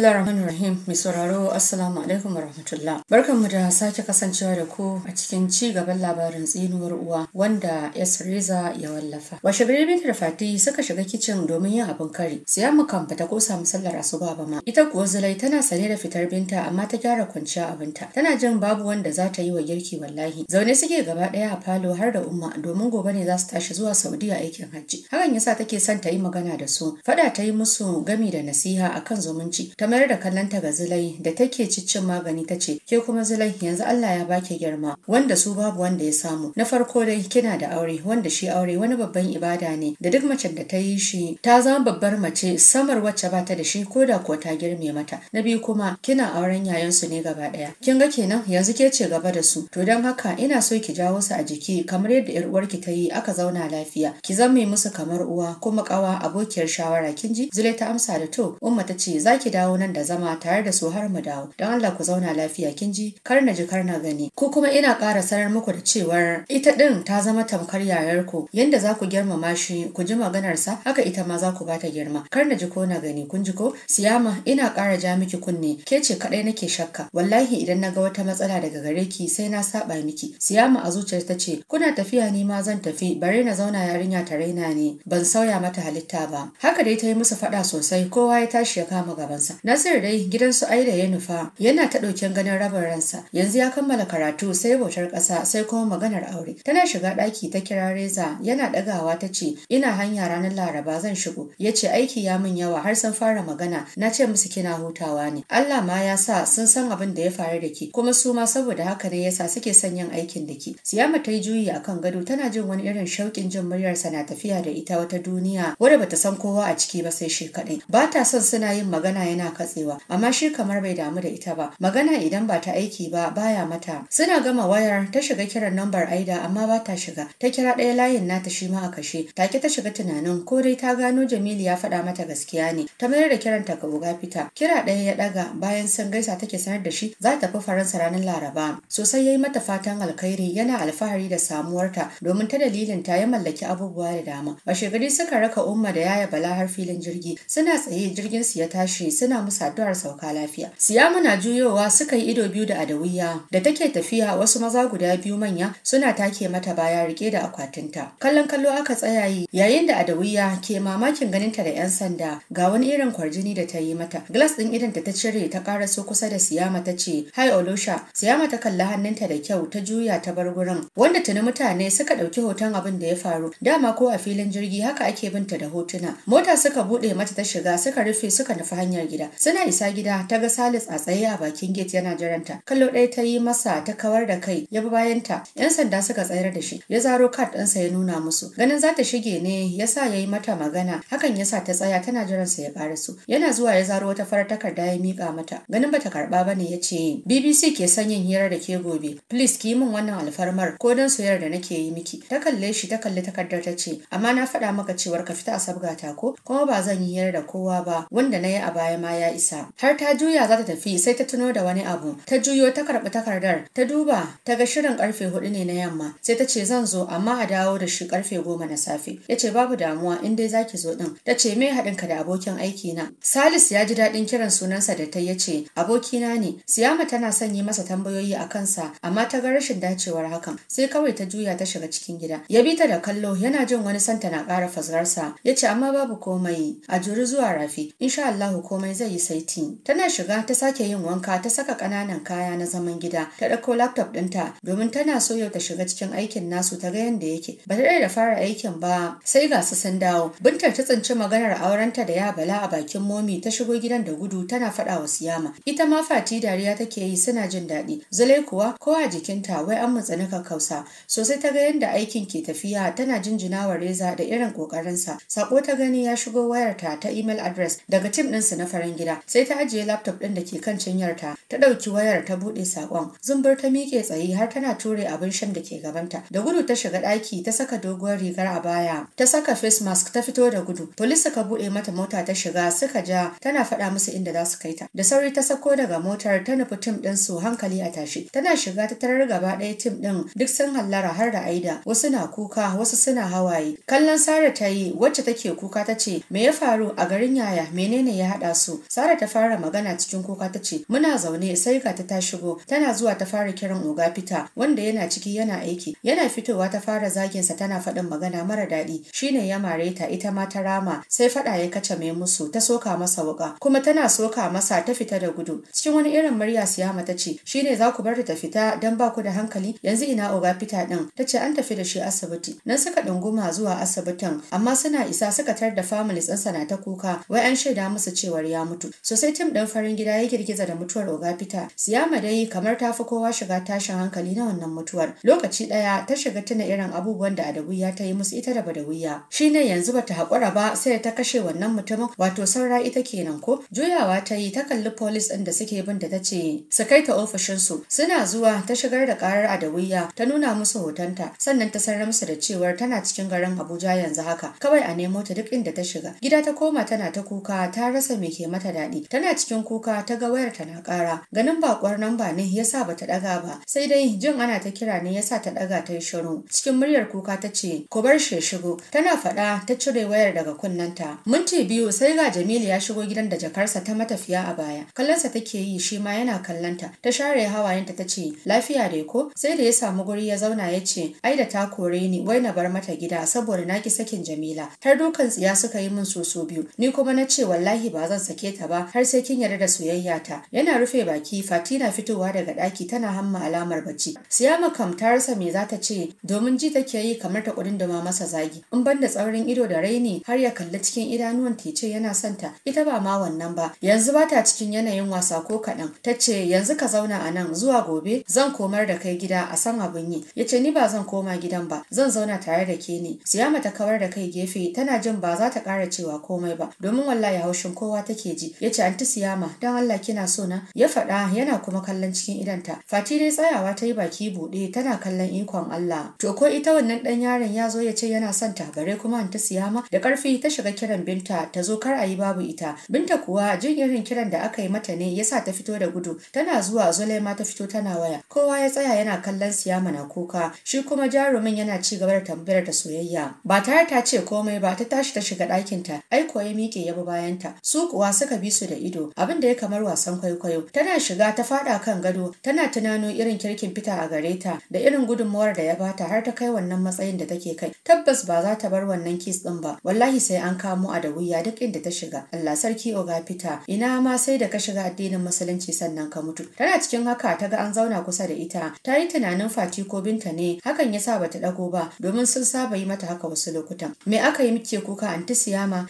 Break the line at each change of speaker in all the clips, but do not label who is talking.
Bismillah rahman rahim mai sauraro assalamu alaikum rahmatullah. Barkan mu da sake kasancewa da ku a cikin ci gaban labarin tsinuwar uwa wanda reza ya wallafa. Washe gari binta da Fati suka shiga kicin domin yin abin kari. mu kan bata ko samu sallar asuba ba ma. Ita kuwa Zulai tana sane da fitar binta amma ta gyara kwanciya abinta. Tana jin babu wanda za ta yi wa girki wallahi. Zaune suke gaba ɗaya a falo har da umma domin gobe ne za su tashi zuwa Saudiya aikin hajji. Hakan yasa take son ta yi magana da su. Fada ta yi musu gami da nasiha akan zumunci. Ta mayar da kallonta ga zulai da take ciccin magani ta ce ke kuma zulai yanzu Allah ya baki girma wanda su babu wanda ya samu na farko dai kina da aure wanda shi aure wani babban ibada ne da duk macen da ta yi shi ta zama babbar mace samar wacce ba ta da shi ko da ko ta girme mata na biyu kuma kina auren yayan su ne gaba daya kin ga kenan yanzu ke ce gaba da su to don haka ina so ki jawo su a jiki kamar yadda yar uwarki ta yi aka zauna lafiya ki mai musu kamar uwa kuma kawa abokiyar shawara kin ji zulai ta amsa da to umma ta ce zaki dawo nan da zama tare da su har mu dawo don Allah ku zauna lafiya kin ji kar na ji kar na gani ko kuma ina ƙara sanar muku da cewar ita din ta zama tamkar yayar ku yanda za ku girmama shi ku ji maganar sa haka ita ma za ku bata girma kar na ji ko na gani kun ji ko siyama ina ƙara ja miki kunne ke ce kadai nake shakka wallahi idan na ga wata matsala daga gare ki sai na saba miki siyama a zuciyar ta ce kuna tafiya ni ma zan tafi bare na zauna yarinya ta raina ne ban sauya mata halitta ba haka dai ta yi musu faɗa sosai kowa ya tashi ya kama gabansa Nasir dai gidan su Aida ya nufa yana ta ɗaukin ganin rabin ransa yanzu ya kammala karatu sai bautar ƙasa sai kuma maganar aure. Tana shiga ɗaki ta kira Reza yana ɗagawa ta ce ina hanya ranar Laraba zan shigo. Ya ce aiki ya min yawa har sun fara magana na ce musu kina hutawa ne. Allah ma ya sa sun san abin da ya faru da ke kuma su ma saboda haka ne yasa suke son yin aikin da ke. Siyama ta yi juyi akan gado tana jin wani irin shauƙin jin muryarsa na tafiya da ita wata duniya wadda bata san kowa a ciki ba sai shi kaɗai. Ba ta son suna yin magana yana katsewa amma shi kamar bai damu da ita ba magana idan ba ta aiki ba baya mata suna gama wayar ta shiga kiran nambar aida amma ba ta shiga ta kira ɗaya layin nata shi ma a kashe take ta shiga tunanin ko dai ta gano jamilu ya faɗa mata gaskiya ne ta mayar da kiranta ga fita kira ɗaya ya ɗaga bayan san gaisa take sanar da shi za ta fi faransa ranar laraba sosai yayi mata fatan alkhairi yana alfahari da samuwarta domin ta dalilin ta ya mallaki abubuwa da dama a shekaru suka raka umma da yaya bala har filin jirgi suna tsaye jirgin su ya tashi suna sa musu addu'ar sauka lafiya Siyamu na juyowa suka yi ido biyu da adawiya da take tafiya wasu maza guda biyu manya suna take mata baya rike da akwatinta kallon kallo aka tsaya yi yayin da adawiya ke mamakin ganinta da yan sanda ga wani irin kwarjini da ta yi mata glass din idan ta cire ta so kusa da siyama ta ce hai olusha siyama ta kalla hannunta da kyau ta juya ta bar gurin wanda tuni mutane suka ɗauki hoton abin da ya faru dama ko a filin jirgi haka ake binta da hotuna mota suka buɗe mata ta shiga suka rufe suka nufi hanyar gida suna isa gida ta ga Salis a tsaye a bakin gate yana jiranta kallo ɗaya ta yi masa ta kawar da kai ya bi bayanta yan sanda suka tsayar da shi ya zaro card ɗinsa ya nuna musu ganin za ta shige ne ya sa ya yi mata magana hakan ya sa ta tsaya tana jiransa ya ƙara su. yana zuwa ya zaro wata farar takarda ya miƙa mata ganin bata karɓa ba ne ya ce BBC ke son yin hira da ke gobe please ki min wannan alfarmar ko don soyar da nake yi miki ta kalle shi ta kalli takardar ta ce amma na faɗa maka cewar ka fita a sabgata ko kuma ba zan yi hira da kowa ba wanda na yi a baya ma ya isa har ta juya za ta tafi sai ta tuno da wani abu ta juyo ta karɓi takardar ta duba ta ga shirin karfe hudu ne na yamma sai ta ce zan zo amma a dawo da shi karfe goma na safe ya ce babu damuwa in dai zaki zo din ta ce me haɗin ka da abokin aiki na salis ya ji daɗin kiran sunansa da ta ya ce abokina ne siyama tana son yi masa tambayoyi a kansa amma ta ga rashin dacewar hakan sai kawai ta juya ta shiga cikin gida ya bi ta da kallo yana jin wani santa na ƙara fasgarsa ya ce amma babu komai a juri zuwa rafi insha Allahu komai zai yi saiti. Tana shiga ta sake yin wanka ta saka kananan kaya na zaman gida ta ɗauko laptop ɗinta domin tana so yau ta shiga cikin aikin nasu ta ga yadda yake. Ba ta da fara aikin ba sai ga su san dawo. Binta ta tsinci maganar aurenta da ya bala a bakin momi ta shigo gidan da gudu tana faɗa wa siyama. Ita ma fati dariya take yi suna jin daɗi. Zulai kuwa ko a jikinta wai an mutsani kakkausa. Sosai ta ga yadda aikin ke tafiya tana jinjina wa reza da irin ƙoƙarinsa. Sako ta gani ya shigo wayarta ta email address daga tim su na farin gida sai ta ajiye laptop din da ke kan cinyarta ta ta ɗauki wayar ta buɗe sakon zumbur ta miƙe tsaye har tana ture abin shan da ke gabanta da gudu ta shiga ɗaki ta saka doguwar rigar a baya ta saka face mask ta fito da gudu police suka buɗe mata mota ta shiga suka ja tana faɗa musu inda za su kai ta da sauri ta sako daga motar ta nufi tim ɗin su hankali a tashi tana shiga ta tarar gaba ɗaya tim ɗin duk sun hallara har da aida wasu na kuka wasu suna hawaye kallon sara ta yi wacce take kuka ta ce me ya faru a garin yaya menene ya haɗa su Sara ta fara magana cikin kuka ta ce muna zaune sai ka ta shigo tana zuwa ta fara kiran oga fita wanda yana ciki yana aiki yana fitowa ta fara zagin sa tana faɗin magana mara daɗi shine ya mare ta ita ma ta rama sai faɗa ya kace mai musu ta soka masa wuka kuma tana soka masa ta fita da gudu cikin wani irin murya siyama ta ce shine za ku bar ta fita dan ba ku da hankali yanzu ina oga fita din ta ce an tafi da shi asibiti nan suka ɗunguma zuwa asibitin amma suna isa suka tar da family ɗinsa na ta kuka wai an shaida musu cewar ya mutu mutu sosai tim ɗin farin gida ya girgiza da mutuwar oga ogafita siyama dai kamar ta fi kowa shiga tashin hankali na wannan mutuwar lokaci ɗaya ta shiga tuna irin abubuwan da adawiya ta yi musu ita da badawiya shi ne yanzu bata haƙura ba sai ta kashe wannan mutumin wato saura ita kenan ko juyawa ta yi ta kalli polis ɗin da suke bin da ta ce su kai ta ofishinsu suna zuwa ta shigar da karar adawiya ta nuna musu hotonta sannan ta sanar musu da cewar tana cikin garin abuja yanzu haka kawai a nemo ta duk inda ta shiga gida ta koma tana ta kuka ta rasa me ke mata ta daɗi tana cikin kuka ta ga wayar ta na ƙara ganin bakwar namba ne yasa bata ɗaga ba sai dai jin ana ta kira ne yasa ta ɗaga ta yi shiru cikin muryar kuka ta ce ku bar shi ya shigo tana faɗa ta cire wayar daga kunnenta minti biyu sai ga Jamilu ya shigo gidan da jakarsa ta matafiya a baya kallonsa take yi shi ma yana kallonta ta share hawayenta ta ce lafiya dai ko sai da ya samu guri ya zauna ya ce ai da ta kore ni wai na bar mata gida saboda naki sakin Jamila har dukan tsiya suka yi min soso biyu ni kuma na ce wallahi ba zan sake ta ta ba har sai kin yarda da soyayya ta yana rufe baki fati na fitowa daga daki tana hamma alamar bacci siyama kam ta rasa me za ta ce domin ji take yi kamar ta kudin dama masa zagi in banda tsaurin ido da raini har ya kalli cikin idanuwan ta ce yana son ta ita ba ma wannan ba yanzu ba ta cikin yanayin wasa ko kaɗan ta ce yanzu ka zauna a nan zuwa gobe zan komar da kai gida a san abin yi ya ce ni ba zan koma gidan ba zan zauna tare da ke ne siyama ta kawar da kai gefe tana jin ba za ta ƙara cewa komai ba domin wallahi haushin kowa take firgigi ya ce anti siyama dan Allah kina so na ya faɗa yana kuma kallon cikin idanta fati dai tsayawa ta yi baki buɗe tana kallon ikon Allah to ko ita wannan dan yaron ya zo ya ce yana son ta gare kuma anti siyama da karfi ta shiga kiran binta ta zo kar a yi babu ita binta kuwa jin irin kiran da aka yi mata ne yasa ta fito da gudu tana zuwa Zulema ta fito tana waya kowa ya tsaya yana kallon siyama na kuka shi kuma jarumin yana ci gaba da tambayar da soyayya ba tare ta ce komai ba ta tashi ta shiga ɗakinta aiko ya miƙe ya bi bayanta su kuwa suka suka bi su da ido abin da ya kamar wasan kwaikwayo tana shiga ta fada kan gado tana tunano irin kirkin fita a gare ta da irin gudunmawar da ya bata har ta kai wannan matsayin da take kai tabbas ba za ta bar wannan kis din ba wallahi sai an kamo a da wuya duk inda ta shiga Allah sarki oga fita ina ma sai da ka shiga addinin musulunci sannan ka mutu tana cikin haka ta ga an zauna kusa da ita ta yi tunanin fati ko binta ne hakan ya sa bata dago ba domin sun saba yi mata haka wasu lokutan me aka yi muke kuka anti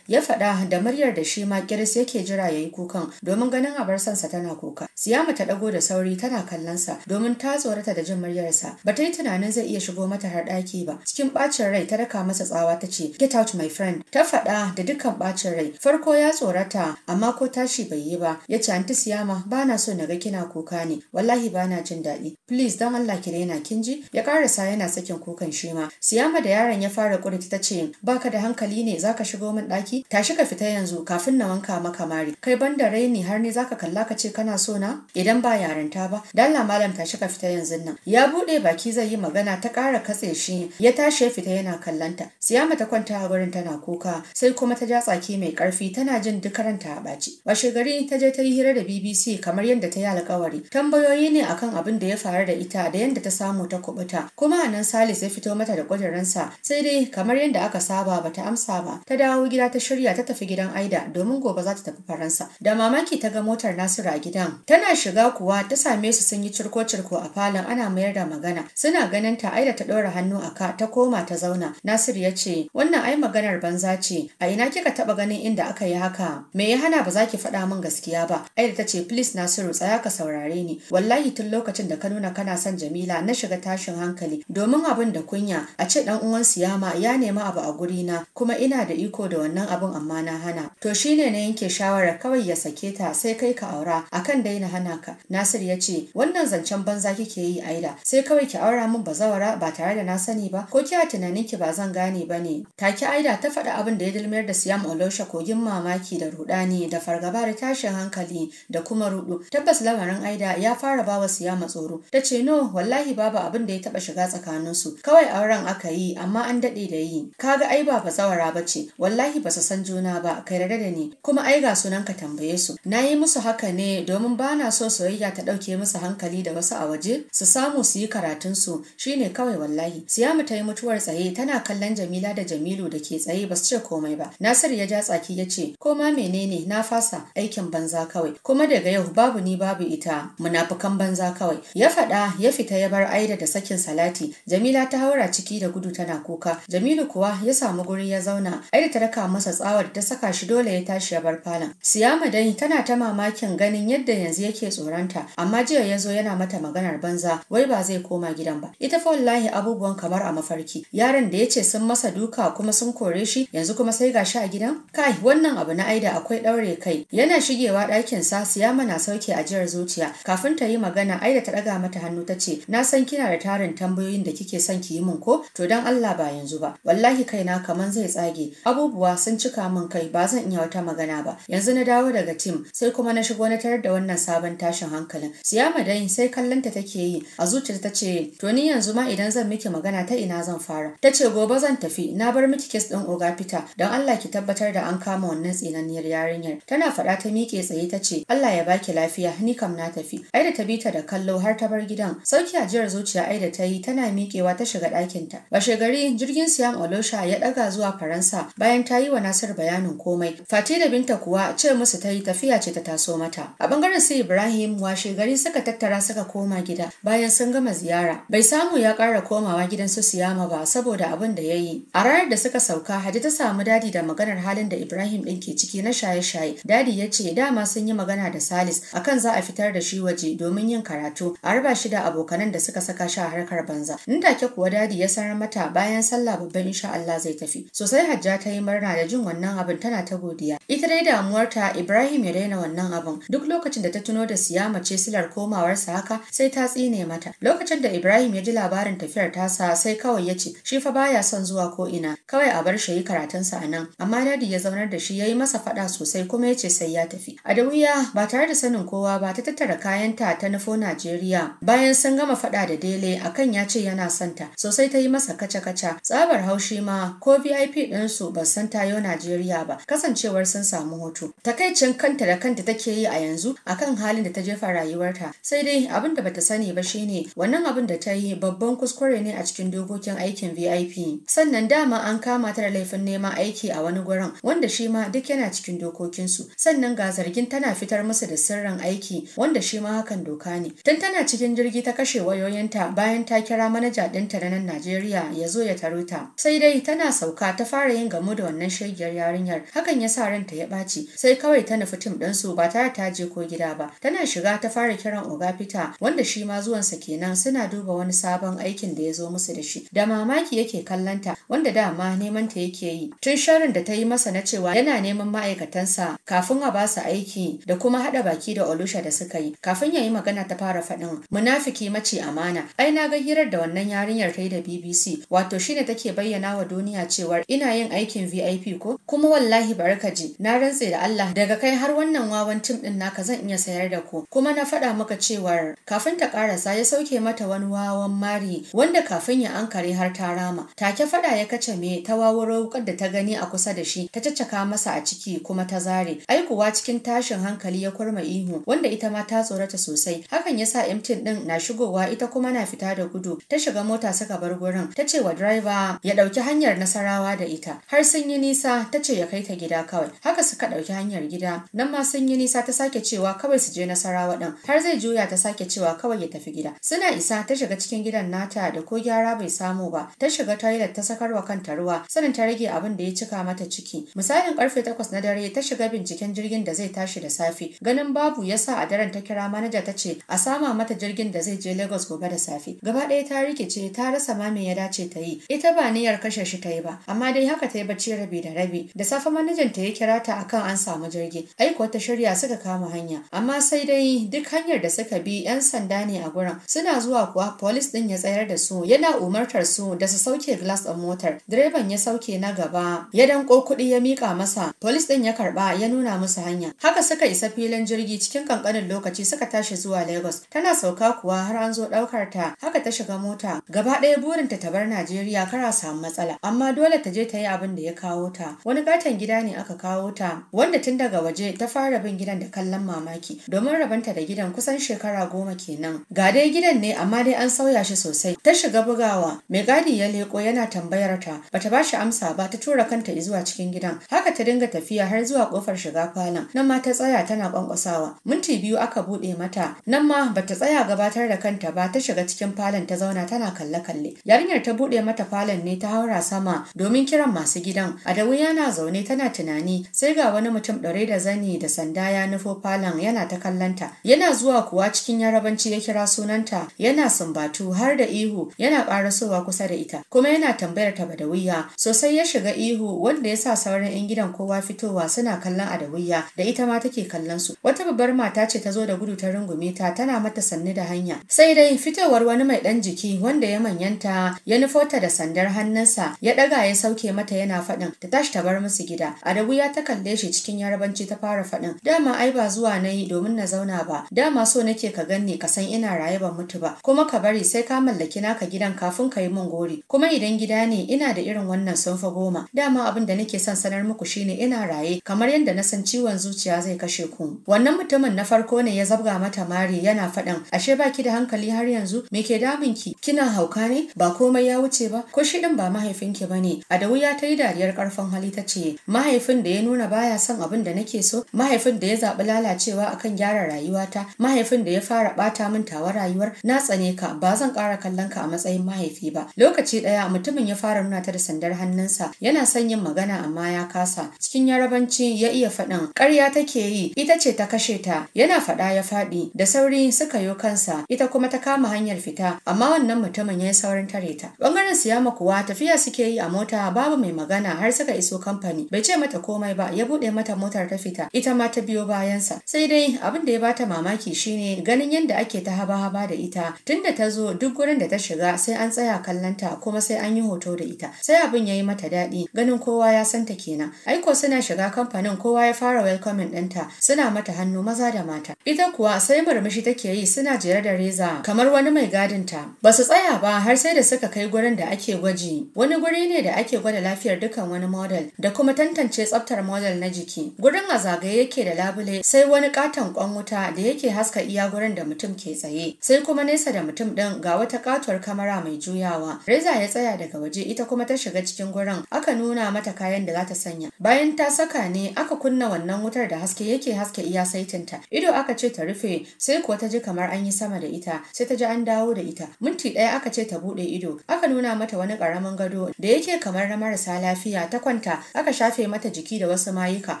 ya faɗa da muryar da shi ma kiris yake jira ya yi kukan domin ganin abar sansa tana kuka siyama ta ɗago da sauri tana kallon sa domin ta tsorata da jin muryarsa ba ta yi tunanin zai iya shigo mata har ɗaki ba cikin ɓacin rai ta raka masa tsawa ta ce get out my friend ta faɗa da dukkan ɓacin rai farko ya tsorata amma ko tashi bai yi ba ya ce anti siyama ba na so na ga kina kuka ne wallahi ba na jin daɗi please don Allah ki daina kin ji ya karasa yana sakin kukan shi ma siyama da yaron ya fara ƙuri ta ce baka da hankali ne zaka shigo min ɗaki tashi ka fita yanzu kafin na wanka maka ma kai banda raini har ne zaka kalla ka ce kana so na idan ba yarinta ba dalla malam tashi ka fita yanzu nan ya bude baki zai yi magana ta kara katse shi ya tashi ya fita yana kallanta siyama ta kwanta a gurin tana kuka sai kuma ta ja tsaki mai karfi tana jin duk karanta a baci washe gari ta je ta yi hira da BBC kamar yadda ta yi alƙawari tambayoyi ne akan abin da ya faru da ita da yadda ta samu ta kubuta kuma a nan Salis ya fito mata da sa sai dai kamar yadda aka saba ba ta amsa ba ta dawo gida ta shirya ta tafi gidan Aida domin gobe za ta tafi faransa da mamaki ta ga motar nasiru a gidan tana shiga kuwa ta same su sun yi cirko-cirko a falon ana mayar da magana suna ganin ta aida ta ɗora hannu a ka ta koma ta zauna nasiru ya ce wannan ai maganar banza ce a ina kika taɓa ganin inda aka yi haka me ya hana ba za ki faɗa min gaskiya ba aida ta ce please nasiru tsaya ka saurare ni wallahi tun lokacin da ka nuna kana son jamila na shiga tashin hankali domin abin da kunya a ce dan uwan siyama ya nema abu a gurina kuma ina da iko da wannan abin amma na hana to shine na yanke shawara fara kawai ya sake ta sai kai ka aura akan daina hana ka Nasir ya ce wannan zancen banza kike yi Aida sai kawai ki aura min bazawara ba tare da na sani ba ko kiya tunanin ki ba zan gane ba ne take Aida ta faɗa abin da ya dilmiyar da Siyam Olosha kogin mamaki da rudani da fargaba da tashin hankali da kuma rudu tabbas lamarin Aida ya fara bawa Siyama tsoro ta ce no wallahi babu abin da ya taba shiga tsakaninsu kawai auren aka yi amma an daɗe da yi kaga ai ba bazawara ba ce wallahi ba su san juna ba kai da ni kuma ai ga su sunan ka tambaye su na yi musu haka ne domin ba na so soyayya ta ɗauke musu hankali da wasu a waje su samu su yi karatunsu shine kawai wallahi siyamu ta yi mutuwar tsaye tana kallon jamila da jamilu da ke tsaye ba su ce komai ba Nasiru ya ja tsaki ya ce ko ma menene na fasa aikin banza kawai kuma daga yau babu ni babu ita munafukan banza kawai ya faɗa ya fita ya bar aida da sakin salati jamila ta haura ciki da gudu tana kuka jamilu kuwa ya samu guri ya zauna aida ta raka masa tsawar ta saka shi dole ya tashi ya bar falon Siyama dai tana ta mamakin ganin yadda yanzu yake tsoronta amma jiya ya zo yana mata maganar banza wai ba zai koma gidan ba. Ita fa wallahi abubuwan kamar a mafarki yaron da ya ce sun masa duka kuma sun kore shi yanzu kuma sai ga shi a gidan? Kai wannan abu na aida akwai ɗaure kai yana shigewa ɗakin sa Siyama na sauke ajiyar zuciya kafin ta yi magana aida ta ɗaga mata hannu ta ce na san kina da tarin tambayoyin da kike son ki yi min ko to dan Allah ba yanzu ba wallahi kaina kaman zai tsage abubuwa sun cika min kai ba zan iya wata magana ba yanzu na dawo daga tim sai kuma na shigo na tarar da wannan sabon tashin hankalin siyama dai sai kallon ta take yi a zuciyar ta ce to ni yanzu ma idan zan miki magana ta ina zan fara ta ce gobe zan tafi na bar miki kes din oga fita don Allah ki tabbatar da an kama wannan tsinaniyar yarinyar tana faɗa ta miƙe tsaye ta ce Allah ya baki lafiya ni kam na tafi ai da ta bi ta da kallo har ta bar gidan sauki ajiyar zuciya ai da ta yi tana miƙewa ta shiga ɗakinta bashe gari jirgin siyam olosha ya ɗaga zuwa faransa bayan ta yi wa nasir bayanin komai fati da binta kuwa ce musu ta yi tafiya ce ta taso mata a bangaren su ibrahim washe gari suka tattara suka koma gida bayan sun gama ziyara bai samu ya kara komawa gidan su siyama ba saboda abin da ya yi a ranar da suka sauka hadi ta samu dadi da maganar halin da ibrahim ɗin ke ciki na shaye-shaye dadi ya ce dama sun yi magana da salis akan za a fitar da shi waje domin yin karatu a raba shi da abokanan da suka saka shi a harkar banza da take kuwa dadi ya sanar mata bayan sallah babban insha Allah zai tafi sosai hajja ta yi murna da jin wannan abin tana ta godiya ita dai damuwa damuwarta Ibrahim ya daina wannan abun. Duk lokacin da ta tuno da siyama ce silar komawarsa haka sai ta tsine mata. Lokacin da Ibrahim ya ji labarin tafiyar tasa sai kawai ya ce shi fa baya son zuwa ko ina kawai a bar shi yi karatunsa a nan. Amma dadi ya zaunar da shi ya yi masa fada sosai kuma ya ce sai ya tafi. A da wuya ba tare da sanin kowa ba ta tattara kayanta ta nufo Najeriya bayan sun gama fada da Dele akan ya ce yana son ta sosai ta yi masa kaca-kaca tsabar haushi ma ko VIP su ba san tayo Najeriya ba kasancewar sun samu hoto. takaicin kanta da kanta take yi a yanzu akan halin da ta jefa rayuwarta sai dai abin da bata sani ba shine wannan abin da ta yi babban kuskure ne a cikin dokokin aikin VIP sannan dama an kama ta da laifin neman aiki a wani gurin wanda shi ma duk yana cikin dokokinsu sannan ga zargin tana fitar musu da sirrin aiki wanda shi ma hakan doka ne tun tana cikin jirgi ta kashe wayoyinta bayan ta kira manaja ɗinta na nan Najeriya ya zo ya taro ta sai dai tana sauka ta fara yin gamu da wannan shegiyar yarinyar hakan ya sa ranta ya ɓaci sai kawai ta nufi tim ɗinsu ba tare ta je ko gida ba tana shiga ta fara kiran oga fita wanda shi ma zuwansa kenan suna duba wani sabon aikin da ya zo musu da shi da mamaki yake kallanta wanda dama neman ta yake yi tun sharin da ta yi masa na cewa yana neman ma'aikatansa kafin a basu aiki da kuma haɗa baki da olusha da suka yi kafin ya yi magana ta fara faɗin munafiki mace amana ai na ga hirar da wannan yarinyar ta yi da bbc wato shine take bayyana wa duniya cewar ina yin aikin vip ko kuma wallahi ji na rantse da Allah daga kai har wannan wawan tim din naka zan iya sayar da ku kuma na faɗa maka cewa kafin ta ƙarasa ya sauke mata wani wawan mari wanda kafin ya ankare har ta rama take faɗa ya kace me ta wawuro wukar da ta gani a kusa da shi ta caccaka masa a ciki kuma ta zare aikuwa cikin tashin hankali ya kurma ihu wanda ita ma ta tsorata sosai hakan ya sa MTN ɗin na shigowa ita kuma na fita da gudu ta shiga mota suka bar gurin ta ce wa driver ya ɗauki hanyar nasarawa da ita har sun yi nisa ta ce ya kai ta gida kawai haka suka ɗauki hanyar gida nan ma sun yi nisa ta sake cewa kawai su je nasarawa ɗin har zai juya ta sake cewa kawai ya tafi gida suna isa ta shiga cikin gidan nata da ko gyara bai samu ba ta shiga toilet ta sakarwa kanta ruwa sanin ta rage abin da ya cika mata ciki misalin karfe takwas na dare ta shiga binciken jirgin da zai tashi da safe ganin babu yasa a daren ta kira manaja ta ce a sama mata jirgin da zai je Lagos gobe da safe gaba ɗaya ta rikice ta rasa ma me ya dace ta yi ita ba niyyar kashe shi ta yi ba amma dai haka ta yi bacci rabi da rabi da safe manajan ta ya kira ta akan an samu jirgi ai shirya suka kama hanya amma sai dai duk hanyar da suka bi yan sanda ne a gurin suna zuwa kuwa polis din ya tsayar da su yana umartar su da su sauke glass ɗin motar direban ya sauke na gaba ya danko kuɗi ya mika masa polis din ya karba ya nuna musu hanya haka suka isa filin jirgi cikin kankanin lokaci suka tashi zuwa lagos tana sauka kuwa har an zo ɗaukar ta haka ta shiga mota gaba ɗaya burinta ta bar najeriya kara samu matsala amma dole ta je ta yi abin da ya kawo ta wani katon gida ne aka kawo ta wanda tun daga waje ta fara bin gidan da kallon mamaki domin rabanta da gidan kusan shekara goma kenan ga dai gidan ne amma dai an sauya shi sosai ta shiga bugawa mai gadi ya leko yana tambayar ta bata bashi amsa ba ta tura kanta zuwa cikin gidan haka ta dinga tafiya har zuwa kofar shiga falon nan ma ta tsaya tana kwankwasawa minti biyu aka bude mata nan ma bata tsaya gabatar da kanta ba ta shiga cikin falon ta zauna tana kalle kalle yarinyar ta bude mata falon ne ta haura sama domin kiran masu gidan a da yana zaune tana tunani sai ga wani mutum ɗare da zani da sanda ya nufo falon yana ta kallanta yana zuwa kuwa cikin yarabanci ya kira sunanta yana sumbatu har da ihu yana ƙarasowa kusa da ita kuma yana tambayar ta wuya. sosai ya shiga ihu wanda ya sa sauran 'yan gidan kowa fitowa suna kallon adawiya da ita ma take kallon su wata babbar mata ce ta zo da gudu ta rungume ta tana mata sannu da hanya sai dai fitowar wani mai ɗan jiki wanda ya manyanta ya nufo ta da sandar hannunsa ya ɗaga ya sauke mata yana faɗin ta tashi ta bar musu gida adawiya ta kalle shi cikin cikin yarabanci ta fara faɗin dama ai ba zuwa na yi domin na zauna ba dama so nake ka ganni ka san ina raye ban mutu ba kuma ka bari sai ka mallaki naka gidan kafin ka yi min gori kuma idan gida ne ina da irin wannan sunfa goma dama abin da nake son sanar muku shine ina raye kamar yadda na san ciwon zuciya zai kashe ku wannan mutumin na farko ne ya zabga mata mari yana faɗin ashe ba ki da hankali har yanzu me ke damun ki kina hauka ne ba komai ya wuce ba ko shi din ba mahaifinki bane a da wuya ta yi dariyar karfin hali ta ce mahaifin da ya nuna baya son son abin da nake so mahaifin da ya zaɓi lalacewa akan gyara rayuwata mahaifin da ya fara ɓata min tawa rayuwar na tsane ka ba zan ƙara kallon ka a matsayin mahaifi ba lokaci ɗaya mutumin ya fara nuna ta da sandar hannunsa yana son yin magana amma ya kasa cikin yarabanci ya iya faɗin ƙarya take yi ita ce ta kashe ta yana faɗa ya faɗi da sauri suka yo kansa ita kuma ta kama hanyar fita amma wannan mutumin ya yi saurin tare ta ɓangaren siyama kuwa tafiya suke yi a mota babu mai magana har suka iso kamfani bai ce mata komai ba ya buɗe mata mata motar ta fita ita ma ta biyo bayansa sai dai abin da ya bata mamaki shine ganin yadda ake ta haba-haba da ita tunda ta zo duk gurin da ta shiga sai an tsaya kallonta kuma sai an yi hoto da ita sai abin ya yi mata daɗi ganin kowa ya san ta kenan aiko suna shiga kamfanin kowa ya fara welcoming ɗinta suna mata hannu maza da mata ita kuwa sai murmushi take yi suna jere da reza kamar wani mai gadinta ba su tsaya ba har sai da suka kai gurin da ake gwaji wani guri ne da ake gwada lafiyar dukan wani model da kuma tantance tsaftar model na jiki gurin a zagaye yake da labule sai wani katon kwan wuta da yake haska iya gurin da mutum ke tsaye sai kuma nesa da mutum ɗin ga wata katuwar kamara mai juyawa reza ya tsaya daga waje ita kuma ta shiga cikin gurin aka nuna mata kayan da za ta sanya bayan ta saka ne aka kunna wannan wutar da haske yake haske iya saitinta ido aka ce ta rufe sai kuwa ta ji kamar an yi sama da ita sai ta ji an dawo da ita minti ɗaya aka ce ta buɗe ido aka nuna mata wani ƙaramin gado da yake kamar na marasa lafiya ta kwanta aka shafe mata jiki da wasu mayuka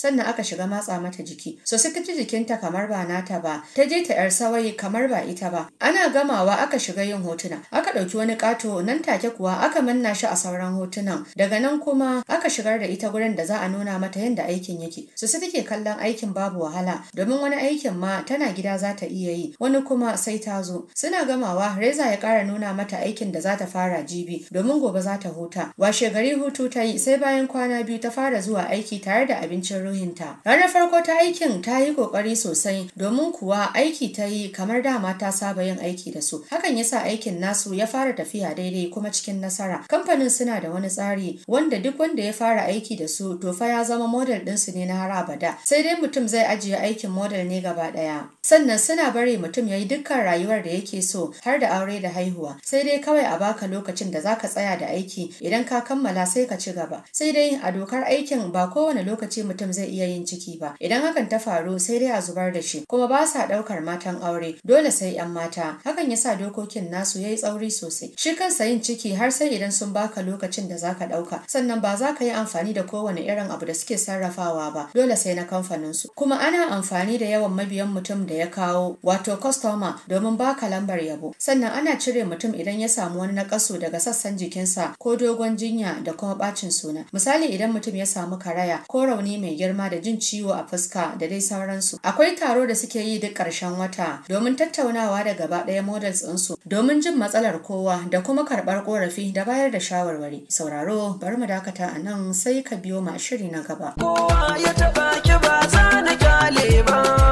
sannan aka shiga matsa mata jiki so suka ta ji jikinta kamar ba nata ba ta je ta yar sawayi kamar ba ita ba ana gamawa aka shiga yin hotuna aka ɗauki wani ƙato nan take kuwa aka manna shi a sauran hotunan daga nan kuma aka shigar da ita gurin da za a nuna mata yadda aikin yake so su take kallon aikin babu wahala domin wani aikin ma tana gida za ta iya yi wani kuma sai ta zo suna gamawa reza ya ƙara nuna mata aikin da za ta fara jibi domin gobe za ta huta washe gari hutu ta yi sai bayan kwana biyu ta fara zuwa aiki tare da abincin ruhinta. Ranar farko ta aikin ta yi kokari sosai domin kuwa aiki ta yi kamar dama ta saba yin aiki da su. Hakan ya sa aikin nasu ya fara tafiya daidai kuma cikin nasara. Kamfanin suna da wani tsari wanda duk wanda ya fara aiki da su to fa ya zama model ɗinsu ne na har abada. Sai dai mutum zai ajiye aikin model ne gaba ɗaya. Sannan suna bari mutum ya yi dukkan rayuwar da yake so har da aure da haihuwa. Sai dai kawai a baka lokacin da zaka tsaya da aiki idan ka kammala sai ka ci gaba. Sai dai a dokar aikin ba kowane lokaci mutum zai iya yin ciki ba idan hakan ta faru sai dai a zubar da shi kuma ba sa ɗaukar matan aure dole sai 'yan mata hakan yasa dokokin nasu yayi tsauri sosai shi kansa yin ciki har sai idan sun baka lokacin da zaka ɗauka sannan ba za ka yi amfani da kowane irin abu da suke sarrafawa ba dole sai na kamfanin su kuma ana amfani da yawan mabiyan mutum da ya kawo wato customer domin baka lambar yabo sannan ana cire mutum idan ya samu wani nakasu daga sassan jikinsa ko dogon jinya da kuma bacin suna misali idan mutum ya samu karaya ko rauni mai girma da jin ciwo a fuska da dai sauransu. Akwai taro da suke yi duk ƙarshen wata domin tattaunawa da gaba ɗaya models ɗinsu domin jin matsalar kowa da kuma karɓar ƙorafi da bayar da shawarwari. Sauraro bari mu dakata a nan sai ka biyo ma shiri na gaba. Kowa ya taɓa ki ba za na ba.